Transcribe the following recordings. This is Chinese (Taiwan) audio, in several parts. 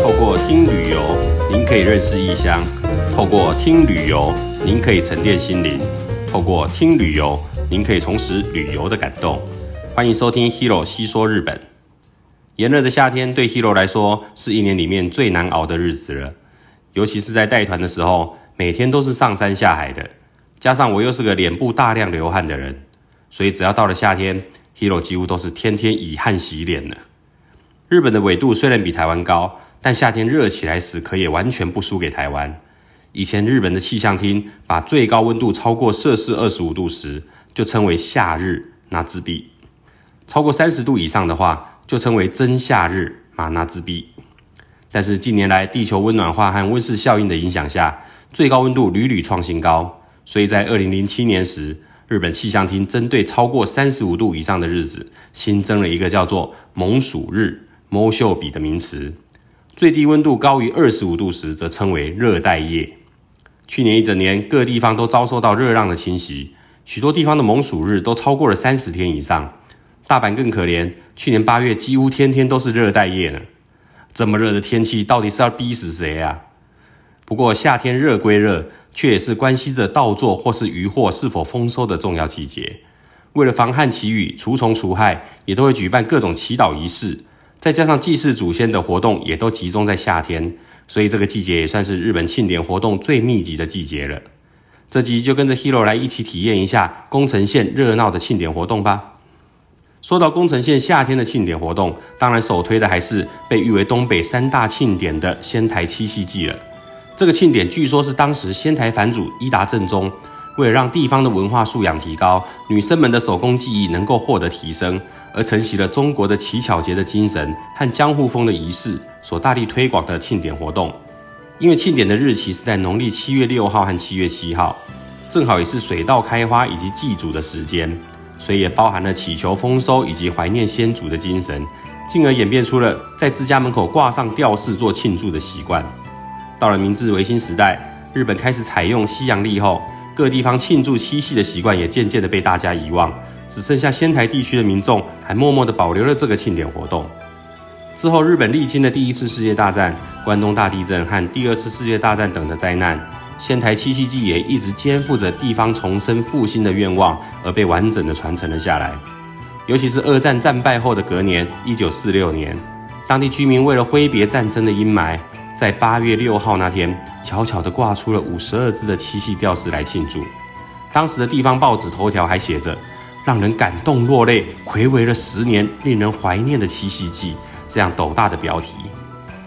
透過聽旅遊，您可以認識異鄉；透過聽旅遊，您可以沉澱心靈；透過聽旅遊，您可以重拾旅遊的感動。歡迎收聽 Hiro 西說日本。炎熱的夏天對 Hiro 來說是一年裡面最難熬的日子了，尤其是在帶團的時候，每天都是上山下海的，加上我又是個臉部大量流汗的人，所以只要到了夏天，Hiro 幾乎都是天天以汗洗臉了。日本的緯度雖然比台灣高，但夏天熱起來時，可也完全不輸給台灣。以前日本的氣象廳把最高溫度超過攝氏二十五度時，就稱為夏日那茲幣；超過三十度以上的話，就稱為真夏日馬那茲幣。但是近年來，地球溫暖化和溫室效應的影響下，最高溫度屢屢創新高，所以在二零零七年時，日本氣象廳針對超過三十五度以上的日子，新增了一個叫做猛暑日，猛暑日的名詞，最低溫度高於二十五度時，則稱為熱帶夜。去年一整年，各地方都遭受到熱浪的侵襲，許多地方的猛暑日都超過了三十天以上。大阪更可憐，去年八月幾乎天天都是熱帶夜呢。這麼熱的天氣，到底是要逼死誰啊？不過夏天熱歸熱，卻也是關係着稻作或是漁獲是否豐收的重要季節。為了防旱祈雨、除蟲除害，也都會舉辦各種祈禱儀式。再加上祭祀祖先的活動也都集中在夏天，所以這個季節也算是日本慶典活動最密集的季節了。這集就跟着 Hero 來一起體驗一下宮城縣熱鬧的慶典活動吧。說到宮城縣夏天的慶典活動，當然首推的還是被譽為東北三大慶典的仙台七夕祭了。這個慶典據說是當時仙台藩主伊達政宗，為了讓地方的文化素養提高，女生們的手工技藝能夠獲得提升，而承襲了中國的乞巧節的精神和江戶風的儀式，所大力推廣的慶典活動。因為慶典的日期是在農曆七月六號和七月七號，正好也是水稻開花以及祭祖的時間，所以也包含了祈求豐收以及懷念先祖的精神，進而演變出了在自家門口掛上吊飾做慶祝的習慣。到了明治維新時代，日本開始採用西洋曆後。各地方慶祝七夕的習慣也漸漸的被大家遺忘，只剩下仙台地區的民眾還默默的保留了這個慶典活動。之後，日本歷經了第一次世界大戰、關東大地震和第二次世界大戰等的災難，仙台七夕祭也一直肩負着地方重生復興的願望而被完整的傳承了下來。尤其是二戰戰敗後的隔年，一九四六年，當地居民為了揮別戰爭的陰霾，在八月六號那天，悄悄的掛出了五十二隻的七夕吊飾來慶祝。當時的地方報紙頭條還寫着“讓人感動落淚，睽違了十年，令人懷念的七夕祭”這樣鬥大的標題。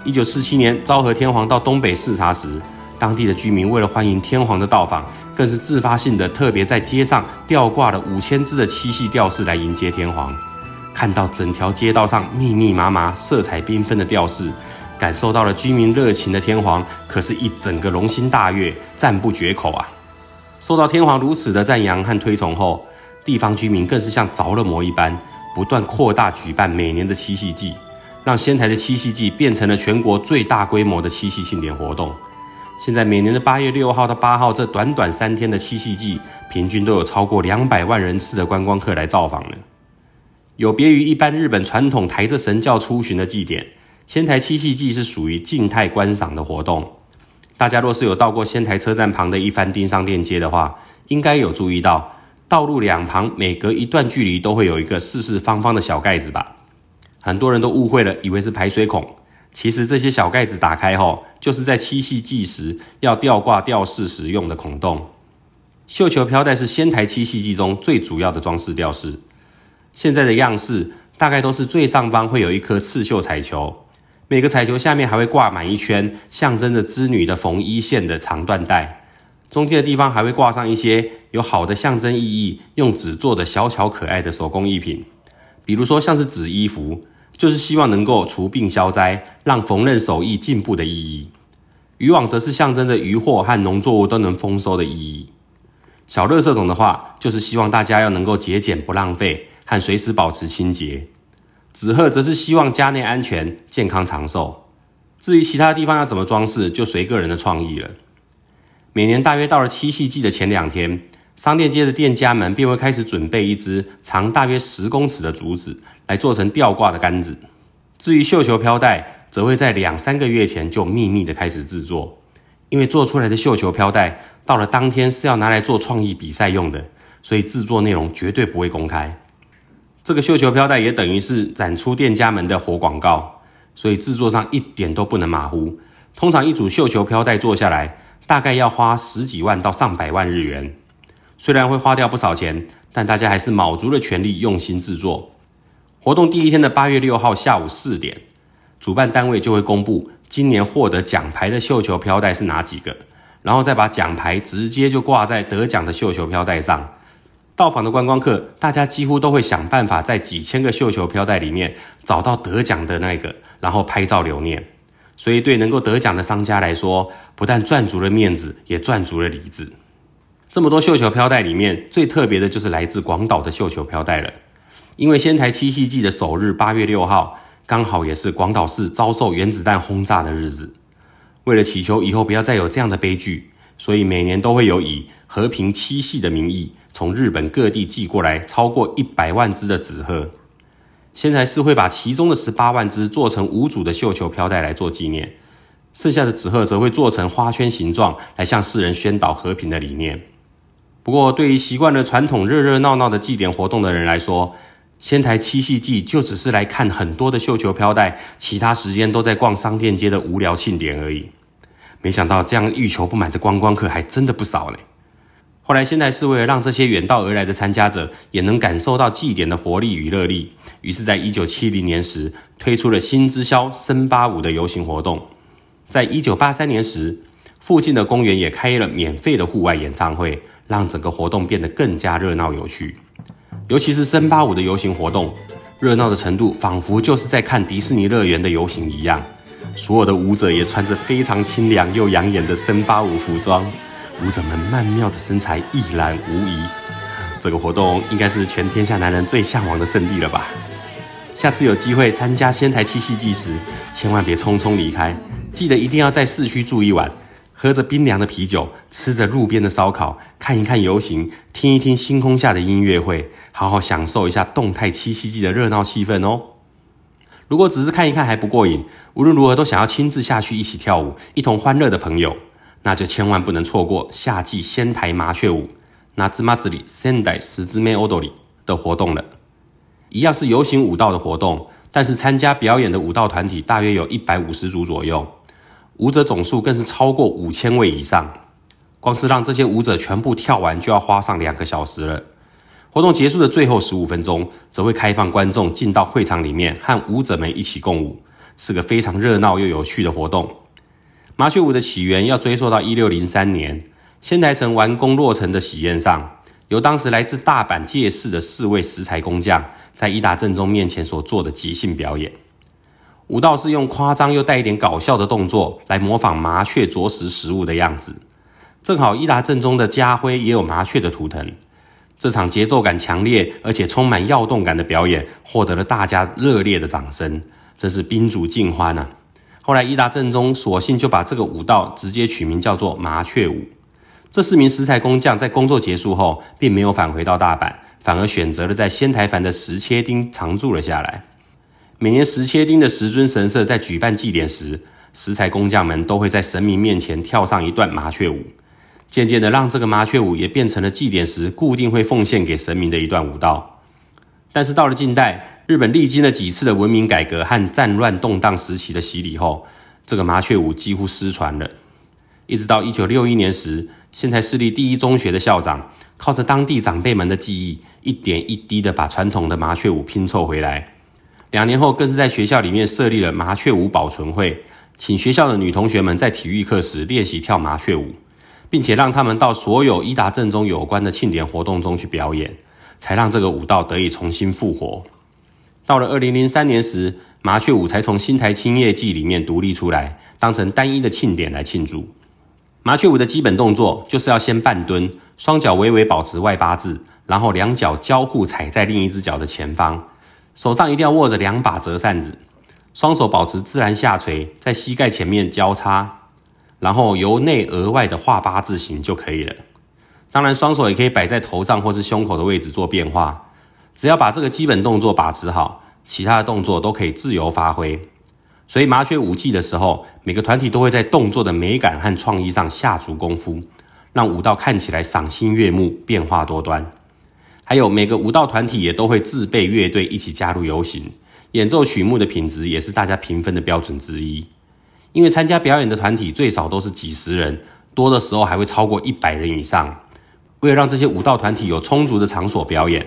一九四七年昭和天皇到東北視察時，當地的居民為了歡迎天皇的到訪，更是自發性的特別在街上吊掛了五千隻的七夕吊飾來迎接天皇。看到整條街道上密密麻麻、色彩繽紛的吊飾。感受到了居民熱情的天皇，可是一整個龍心大悅，贊不絕口啊！受到天皇如此的讚揚和推崇後，地方居民更是像着了魔一般，不斷擴大舉辦每年的七夕祭，讓仙台的七夕祭變成了全國最大規模的七夕慶典活動。現在每年的八月六號到八號這短短三天的七夕祭，平均都有超過兩百萬人次的觀光客來造訪了。有別於一般日本傳統抬著神轎出巡的祭典。仙台七夕祭是屬於靜態觀賞的活動，大家若是有到過仙台車站旁的一番町商店街的話，應該有注意到道路兩旁每隔一段距離都會有一個四四方方的小蓋子吧？很多人都誤會了，以為是排水孔，其實這些小蓋子打開後，就是在七夕祭時要吊掛吊飾時用的孔洞。繡球飄帶是仙台七夕祭中最主要的裝飾吊飾，現在的樣式大概都是最上方會有一顆刺繡彩球。每個彩球下面還會掛滿一圈，象徵着織女的縫衣線的長緞帶。中間的地方還會掛上一些有好的象徵意義，用紙做的小巧可愛的手工藝品，比如說像是紙衣服，就是希望能夠除病消災，讓縫紉手藝進步的意義。漁網則是象徵着漁獲和農作物都能豐收的意義。小垃圾桶的話，就是希望大家要能夠節儉不浪費，和隨時保持清潔。紙鶴則是希望家內安全、健康、長壽。至於其他地方要怎麼裝飾，就隨個人的創意了。每年大約到了七夕祭的前兩天，商店街的店家們便會開始準備一支長大約十公尺的竹子，來做成吊掛的桿子。至於繡球飄帶，則會在兩三個月前就秘密的開始製作，因為做出來的繡球飄帶到了當天是要拿來做創意比賽用的，所以製作內容絕對不會公開。這個繡球飄帶也等於是展出店家們的活廣告，所以制作上一點都不能馬虎。通常一組繡球飄帶做下來，大概要花十幾萬到上百萬日元。雖然會花掉不少錢，但大家還是卯足了全力，用心制作。活動第一天的八月六號下午四點，主辦單位就會公布今年獲得獎牌的繡球飄帶是哪幾個，然後再把獎牌直接就掛在得獎的繡球飄帶上。到訪的觀光客，大家幾乎都會想辦法在幾千個繡球飄帶裡面找到得獎的那個，然後拍照留念。所以，對能夠得獎的商家來說，不但賺足了面子，也賺足了裡子。這麼多繡球飄帶裡面，最特別的就是來自廣島的繡球飄帶了。因為仙台七夕祭的首日八月六號，剛好也是廣島市遭受原子彈轟炸的日子。為了祈求以後不要再有這樣的悲劇，所以每年都會有以和平七夕的名義。從日本各地寄過來超過一百萬隻的紙鶴，仙台市會把其中的十八萬隻做成無主的繡球飄帶來做紀念，剩下的紙鶴則會做成花圈形狀來向世人宣導和平的理念。不過，對於習慣了傳統熱熱鬧鬧的祭典活動的人來說，仙台七夕祭就只是來看很多的繡球飄帶，其他時間都在逛商店街的無聊慶典而已。沒想到這樣欲求不滿的觀光客還真的不少呢。後來，現在是為了讓這些遠道而來的參加者也能感受到祭典的活力與熱力。於是，在1970年時推出了星之宵森巴舞的遊行活動。在1983年時，附近的公園也開了免費的戶外演唱會，讓整個活動變得更加熱鬧有趣。尤其是森巴舞的遊行活動，熱鬧的程度仿佛就是在看迪士尼樂園的遊行一樣。所有的舞者也穿着非常清涼又養眼的森巴舞服裝。舞者們曼妙的身材一覽無遺，這個活動應該是全天下男人最向往的聖地了吧？下次有機會參加仙台七夕祭時，千萬別匆匆離開，記得一定要在市區住一晚，喝着冰涼的啤酒，吃着路邊的燒烤，看一看遊行，聽一聽星空下的音樂會，好好享受一下動態七夕祭的熱鬧氣氛哦。如果只是看一看還不過癮，無論如何都想要親自下去一起跳舞，一同歡樂的朋友。那就千萬不能錯過夏季仙台麻雀舞，那芝麻子裡仙台十之妹踊裡的活動了。一樣是遊行舞蹈的活動，但是參加表演的舞蹈團體大約有一百五十組左右，舞者總數更是超過五千位以上。光是讓這些舞者全部跳完，就要花上兩個小時了。活動結束的最後十五分鐘，則會開放觀眾進到會場裡面，和舞者們一起共舞，是個非常熱鬧又有趣的活動。麻雀舞的起源要追溯到一六零三年仙台城完工落成的喜宴上，由當時來自大阪堺市的四位石材工匠在伊達正宗面前所做的即興表演。舞蹈是用誇張又帶一點搞笑的動作來模仿麻雀啄食食物的樣子，正好伊達正宗的家徽也有麻雀的圖騰。這場節奏感強烈而且充滿躍動感的表演獲得了大家熱烈的掌聲，真是賓主盡歡吶、啊！後來，伊達政宗索性就把這個舞蹈直接取名叫做麻雀舞。這四名石材工匠在工作結束後，並沒有返回到大阪，反而選擇了在仙台藩的石切町常住了下來。每年石切町的石尊神社在舉辦祭典時，石材工匠們都會在神明面前跳上一段麻雀舞。漸漸的，讓這個麻雀舞也變成了祭典時固定會奉獻給神明的一段舞蹈。但是到了近代，日本歷經了幾次的文明改革和戰亂動盪時期的洗禮後，這個麻雀舞幾乎失傳了。一直到一九六一年時，現在市立第一中學的校長靠着當地長輩們的記憶，一點一滴的把傳統的麻雀舞拼湊回來。兩年後，更是在學校裡面設立了麻雀舞保存會，請學校的女同學們在體育課時練習跳麻雀舞，並且讓他們到所有伊達政宗有關的慶典活動中去表演，才讓這個舞蹈得以重新復活。到了二零零三年時，麻雀舞才從仙台青葉祭裡面獨立出來，當成單一的慶典來慶祝。麻雀舞的基本動作就是要先半蹲，雙腳微微保持外八字，然後兩腳交互踩在另一隻腳的前方，手上一定要握着兩把折扇子，雙手保持自然下垂，在膝蓋前面交叉，然後由內而外的畫八字形就可以了。當然，雙手也可以擺在頭上或是胸口的位置做變化。只要把這個基本動作把持好，其他的動作都可以自由發揮。所以麻雀舞祭的時候，每個團體都會在動作的美感和創意上下足功夫，讓舞蹈看起來賞心悅目、變化多端。還有每個舞蹈團體也都會自備樂隊一起加入遊行，演奏曲目的品質也是大家評分的標準之一。因為參加表演的團體最少都是幾十人，多的時候還會超過一百人以上。為了讓這些舞蹈團體有充足的場所表演。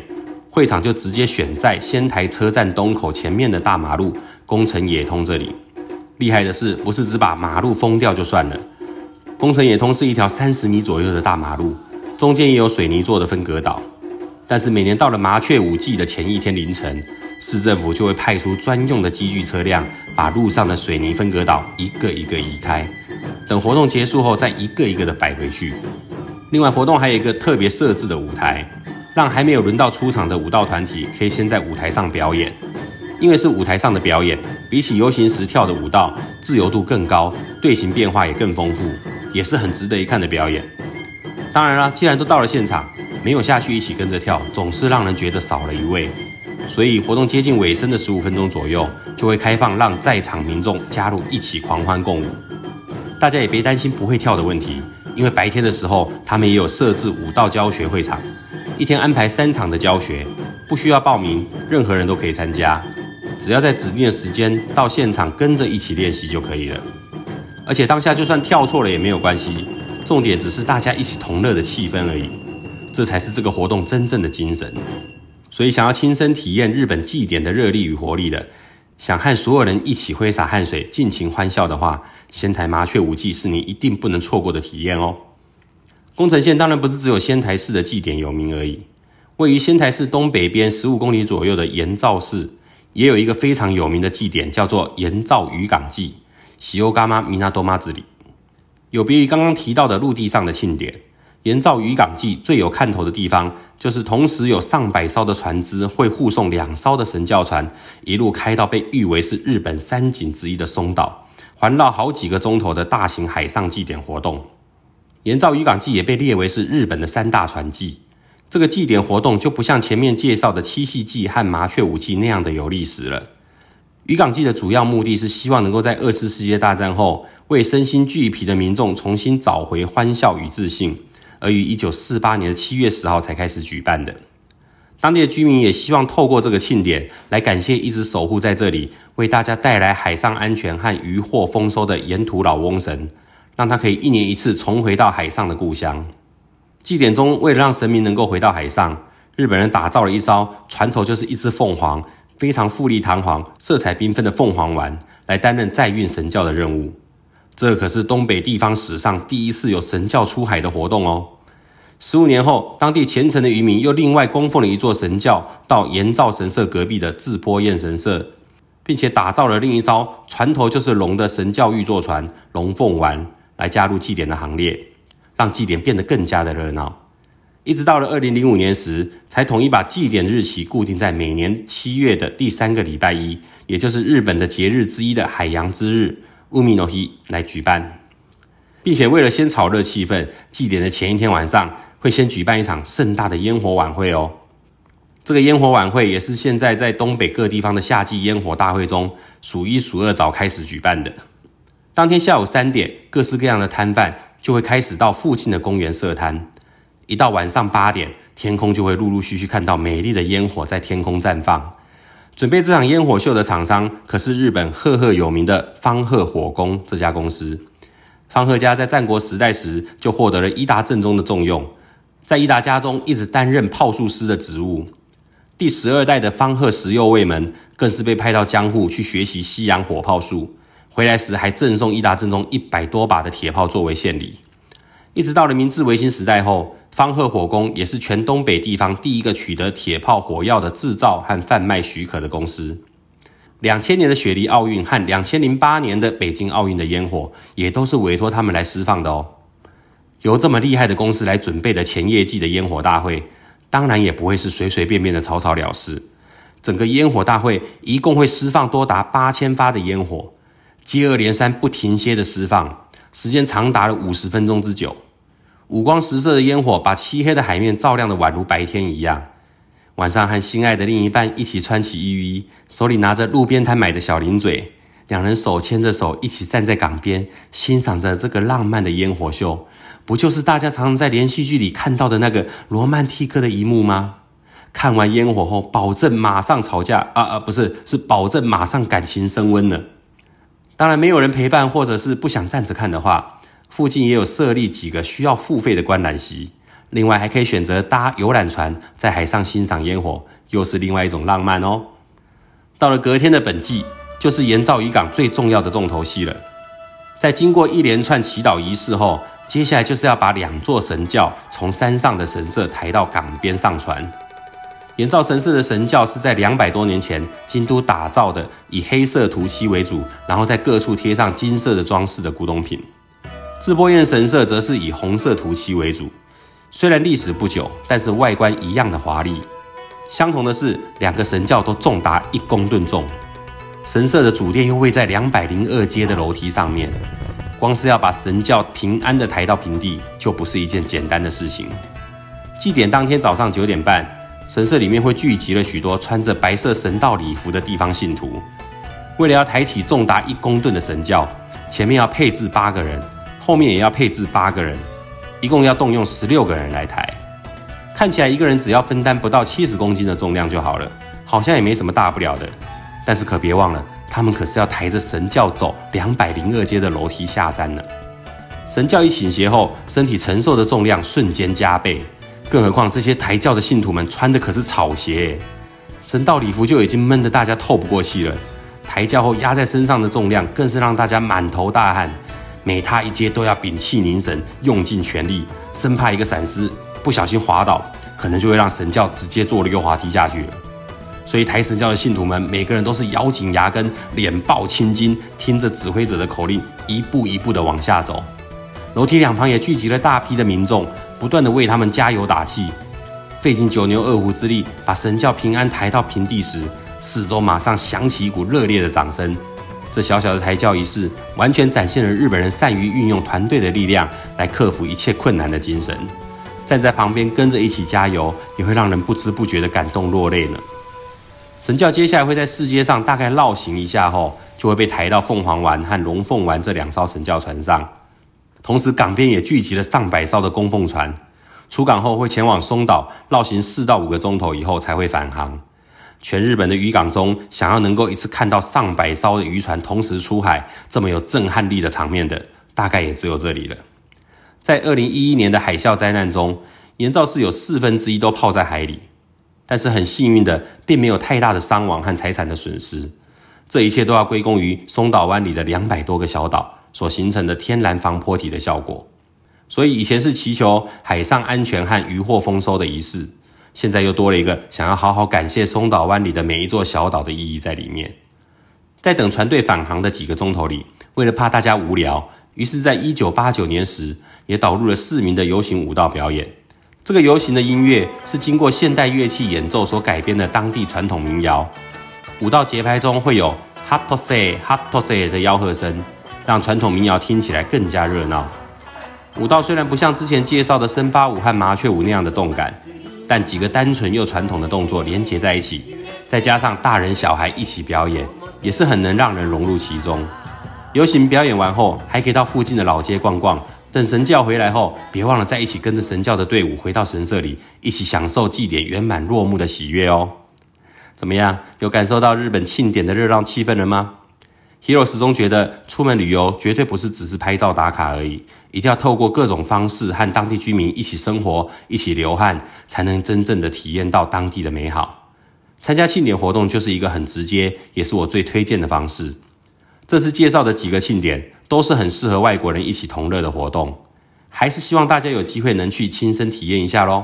會場就直接選在仙台車站東口前面的大馬路，宮城野通這裡。厲害的是，不是只把馬路封掉就算了。宮城野通是一條三十米左右的大馬路，中間也有水泥做的分隔島。但是每年到了麻雀舞祭的前一天凌晨，市政府就會派出專用的機具車輛，把路上的水泥分隔島一個一個移開，等活動結束後再一個一個的擺回去。另外，活動還有一個特別設置的舞台。讓還沒有輪到出場的舞蹈團體可以先在舞台上表演，因為是舞台上的表演，比起遊行時跳的舞蹈，自由度更高，隊形變化也更豐富，也是很值得一看的表演。當然啦，既然都到了現場，沒有下去一起跟着跳，總是讓人覺得少了一位。所以活動接近尾聲的十五分鐘左右，就會開放讓在場民眾加入一起狂歡共舞。大家也別擔心不會跳的問題，因為白天的時候他們也有設置舞蹈教學會場。一天安排三場的教學，不需要報名，任何人都可以參加，只要在指定的時間到現場跟着一起練習就可以了。而且當下就算跳錯了也沒有關係，重點只是大家一起同樂的氣氛而已，這才是這個活動真正的精神。所以想要親身體驗日本祭典的熱力與活力的，想和所有人一起揮灑汗水、盡情歡笑的話，仙台麻雀舞祭是你一定不能錯過的體驗哦。宮城縣當然不是只有仙台市的祭典有名而已，位於仙台市東北邊十五公里左右的塩竈市，也有一個非常有名的祭典，叫做塩竈漁港祭（喜歐嘎媽米娜多媽子里）。有別於剛剛提到的陸地上的慶典，塩竈漁港祭最有看頭的地方，就是同時有上百艘的船隻會護送兩艘的神轎船，一路開到被譽為是日本三景之一的松島，環繞好幾個鐘頭的大型海上祭典活動。塩竈漁港祭也被列為是日本的三大船祭，這個祭典活動就不像前面介紹的七夕祭和麻雀舞祭那樣的有歷史了。漁港祭的主要目的是希望能夠在二次世界大戰後，為身心俱疲的民眾重新找回歡笑與自信，而於1948年的7月10號才開始舉辦的。當地的居民也希望透過這個慶典來感謝一直守護在這裡，為大家帶來海上安全和漁獲豐收的塩土老翁神。讓他可以一年一次重回到海上的故鄉。祭典中，為了讓神明能夠回到海上，日本人打造了一艘船頭就是一隻鳳凰，非常富麗堂皇、色彩繽紛的鳳凰丸，來擔任載運神轎的任務。這可是東北地方史上第一次有神轎出海的活動哦。十五年後，當地虔誠的漁民又另外供奉了一座神轎，到鹽竈神社隔壁的志波彥神社，並且打造了另一艘船頭就是龍的神轎玉座船龍鳳丸。來加入祭典的行列，讓祭典變得更加的熱鬧。一直到了二零零五年時，才統一把祭典日期固定在每年七月的第三個禮拜一，也就是日本的節日之一的海洋之日，烏米諾希，來舉辦，並且為了先炒熱氣氛，祭典的前一天晚上會先舉辦一場盛大的煙火晚會哦。這個煙火晚會也是現在在東北各地方的夏季煙火大會中數一數二早開始舉辦的。當天下午三點，各式各樣的攤販就會開始到附近的公園設攤。一到晚上八點，天空就會陸陸續續看到美麗的煙火在天空綻放。準備這場煙火秀的廠商可是日本赫赫有名的芳賀火工這家公司。芳賀家在戰國時代時就獲得了伊達政宗的重用，在伊達家中一直擔任炮術師的職務。第十二代的芳賀石右衛門更是被派到江戶去學習西洋火炮術。回來時還贈送一打正宗一百多把的鐵炮作為獻禮。一直到了明治維新時代後，方賀火工也是全東北地方第一個取得鐵炮火藥的製造和販賣許可的公司。兩千年的雪梨奧運和兩千零八年的北京奧運的煙火也都是委託他們來釋放的哦。由這麼厲害的公司來準備的前夜祭的煙火大會，當然也不會是隨隨便便的草草了事。整個煙火大會一共會釋放多達八千發的煙火。接二連三、不停歇的釋放，時間長達了五十分鐘之久。五光十色的煙火把漆黑的海面照亮得宛如白天一樣。晚上和心愛的另一半一起穿起浴衣，手裡拿着路邊攤買的小零嘴，兩人手牽着手一起站在港邊，欣賞着這個浪漫的煙火秀。不就是大家常常在連續劇裡看到的那個羅曼蒂克的一幕嗎？看完煙火後，保證馬上吵架啊啊！不是，是保證馬上感情升溫了。當然，沒有人陪伴，或者是不想站着看的話，附近也有設立幾個需要付費的觀覽席。另外，還可以選擇搭遊覽船，在海上欣賞煙火，又是另外一種浪漫哦。到了隔天的本祭，就是塩竈漁港最重要的重頭戲了。在經過一連串祈禱儀式後，接下來就是要把兩座神轎從山上的神社抬到港邊上船。塩竈神社的神轎是在兩百多年前京都打造的，以黑色塗漆為主，然後在各處貼上金色的裝飾的古董品。志波彥神社則是以紅色塗漆為主，雖然歷史不久，但是外觀一樣的華麗。相同的是，兩個神轎都重達一公噸重。神社的主殿又位在兩百零二階的樓梯上面，光是要把神轎平安的抬到平地，就不是一件簡單的事情。祭典當天早上九點半。神社裡面會聚集了許多穿着白色神道禮服的地方信徒。為了要抬起重達一公噸的神轎，前面要配置八個人，後面也要配置八個人，一共要動用十六個人來抬。看起來一個人只要分擔不到七十公斤的重量就好了，好像也沒什麼大不了的。但是可別忘了，他們可是要抬着神轎走兩百零二階的樓梯下山呢。神轎一傾斜後，身體承受的重量瞬間加倍。更何況這些抬轎的信徒們穿的可是草鞋，神道禮服就已經悶得大家透不過氣了，抬轎後壓在身上的重量更是讓大家滿頭大汗，每踏一階都要屏氣凝神，用盡全力，生怕一個閃失，不小心滑倒，可能就會讓神轎直接坐了個滑梯下去。所以抬神轎的信徒們每個人都是咬緊牙根，臉爆青筋，聽着指揮者的口令，一步一步地往下走。樓梯兩旁也聚集了大批的民眾。不斷的為他們加油打氣，費盡九牛二虎之力把神轎平安抬到平地時，四周馬上響起一股熱烈的掌聲。這小小的抬轎儀式，完全展現了日本人善於運用團隊的力量來克服一切困難的精神。站在旁邊跟着一起加油，也會讓人不知不覺的感動落淚呢。神轎接下來會在世界上大概繞行一下後，就會被抬到鳳凰丸和龍鳳丸這兩艘神轎船上。同時，港邊也聚集了上百艘的供奉船，出港後會前往松島繞行四到五個鐘頭以後才會返航。全日本的漁港中，想要能夠一次看到上百艘的漁船同時出海，這麼有震撼力的場面的，大概也只有這裡了。在2011年的海嘯災難中，鹽竈市，有四分之一都泡在海裡，但是很幸運的，並沒有太大的傷亡和財產的損失。這一切都要歸功於松島灣裡的兩百多個小島。所形成的天然防坡體的效果，所以以前是祈求海上安全和漁獲豐收的儀式，現在又多了一個想要好好感謝松島灣裡的每一座小島的意義在裡面。在等船隊返航的幾個鐘頭裡，為了怕大家無聊，於是，在一九八九年時也導入了市民的遊行舞蹈表演。這個遊行的音樂是經過現代樂器演奏所改編的當地傳統民謠，舞蹈節拍中會有“ hot say，hot to say 的吆喝聲。讓傳統民謠聽起來更加熱鬧。舞蹈雖然不像之前介紹的森巴舞和麻雀舞那樣的動感，但幾個單純又傳統的動作連結在一起，再加上大人小孩一起表演，也是很能讓人融入其中。遊行表演完後，還可以到附近的老街逛逛，等神轎回來後，別忘了再一起跟着神轎的隊伍回到神社裡，一起享受祭典圓滿落幕的喜悅喔。怎麼樣？有感受到日本慶典的熱鬧氣氛了嗎？Hero 始終覺得，出門旅遊絕對不是只是拍照打卡而已，一定要透過各種方式和當地居民一起生活、一起流汗，才能真正的體驗到當地的美好。參加慶典活動就是一個很直接，也是我最推薦的方式。這次介紹的幾個慶典，都是很適合外國人一起同樂的活動，還是希望大家有機會能去親身體驗一下嘍。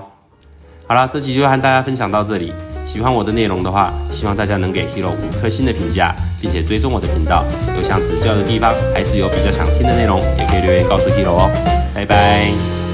好啦，這期就和大家分享到這裡。喜歡我的內容的話，希望大家能給 Hiro 五顆星的評價，並且追蹤我的頻道。有想指教的地方，還是有比較想聽的內容，也可以留言告訴 Hiro 哦。拜拜。